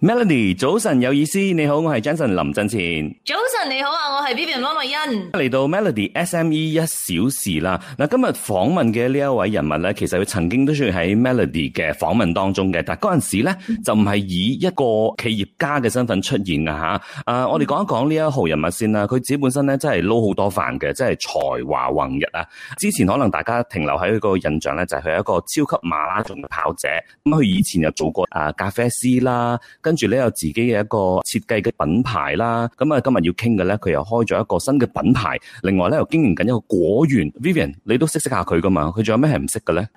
Melody，早晨有意思，你好，我係 Jason 林振前。你好啊，我係 B B N 麗欣，嚟到 Melody S M E 一小時啦。嗱，今日訪問嘅呢一位人物咧，其實佢曾經都算喺 Melody 嘅訪問當中嘅，但係嗰陣時咧就唔係以一個企業家嘅身份出現㗎。吓、啊。誒、啊，我哋講一講呢一號人物先啦。佢自己本身咧真係撈好多飯嘅，真係才華橫溢啊。之前可能大家停留喺佢個印象咧，就係、係、一個超級馬拉松嘅跑者。咁、嗯、佢以前又做過咖啡師啦，跟住咧有自己嘅一個設計嘅品牌啦。咁啊，今日要傾。佢又開咗一個新嘅品牌。另外咧，又經營緊一個果園。Vivian，你都識識下佢噶嘛？佢仲有咩係唔識嘅咧？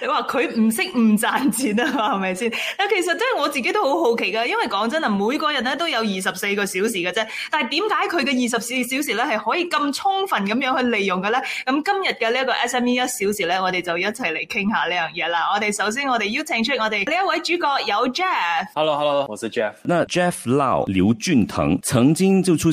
你話佢唔識唔賺錢啊？係咪先？但其實都係我自己都好好奇噶，因為講真啊，每個人咧都有二十四個小時嘅啫。但係點解佢嘅二十四小時咧係可以咁充分咁樣去利用嘅咧？咁今日嘅呢一個 SME 一小時咧，我哋就一齊嚟傾下呢樣嘢啦。我哋首先我哋邀請出我哋呢一位主角有 Jeff。Hello，Hello，hello, 我係 Jeff。嗱 Jeff Lau 劉俊騰曾經就出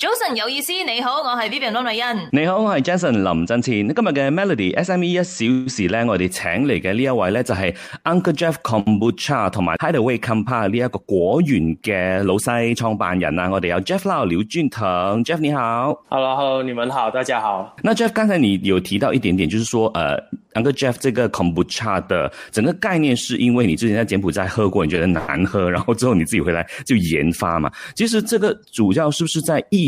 早晨有意思，你好，我係 Vivian 羅美欣。你好，我係 Jason 林振前。今日嘅 Melody S M E 一小時咧，我哋請嚟嘅呢一位咧就係、是、Uncle Jeff Kombucha 同埋 Hideaway Company 呢一個果園嘅老細創辦人啊。我哋有 Jeff Lau，劉俊騰，Jeff 你好。Hello，Hello，hello, 你們好，大家好。那 Jeff 剛才你有提到一點點，就是說，誒、呃、，Uncle Jeff 這個 Kombucha 的整個概念，是因為你之前在柬埔寨喝過，你覺得難喝，然後之後你自己回來就研發嘛？其實這個主要是不是在意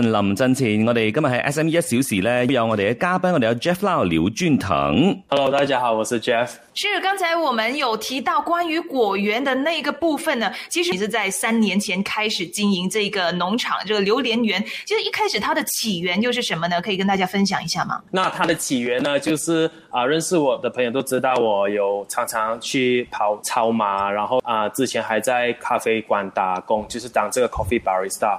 林振前，我哋今日喺 SME 一小時呢，有我哋嘅嘉賓，我哋有 Jeff Lau 劉俊騰。Hello，大家好，我是 Jeff。是剛才我們有提到關於果園的那個部分呢，其實你是在三年前開始經營這個農場，這個榴蓮園。其實一開始它的起源又是什麼呢？可以跟大家分享一下嗎？那它的起源呢，就是啊、呃，認識我的朋友都知道，我有常常去跑超馬嘛，然後啊、呃，之前還在咖啡館打工，就是當這個 coffee barista。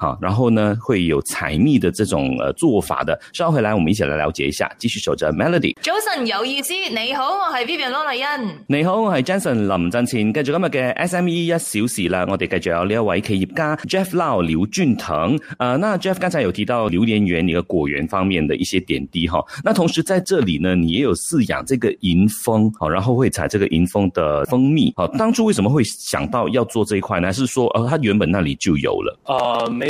好，然後呢會有採蜜的這種呃做法的。稍後回來，我們一起來了解一下。繼續守着 Melody。早晨有意思，你好，我是 Vivian 羅麗恩。你好，我是 Jason 林振清。繼續今日嘅 SME 一小時啦，我哋繼續有呢一位企業家 Jeff Lau 劉俊騰。誒、呃，那 Jeff 剛才有提到榴蓮園你的果園方面的一些點滴哈、呃。那同時在這裡呢，你也有飼養這個銀蜂，好，然後會採這個銀蜂的蜂蜜。好、呃，當初為什麼會想到要做這一塊呢？是說，呃，他原本那裡就有了。呃、沒。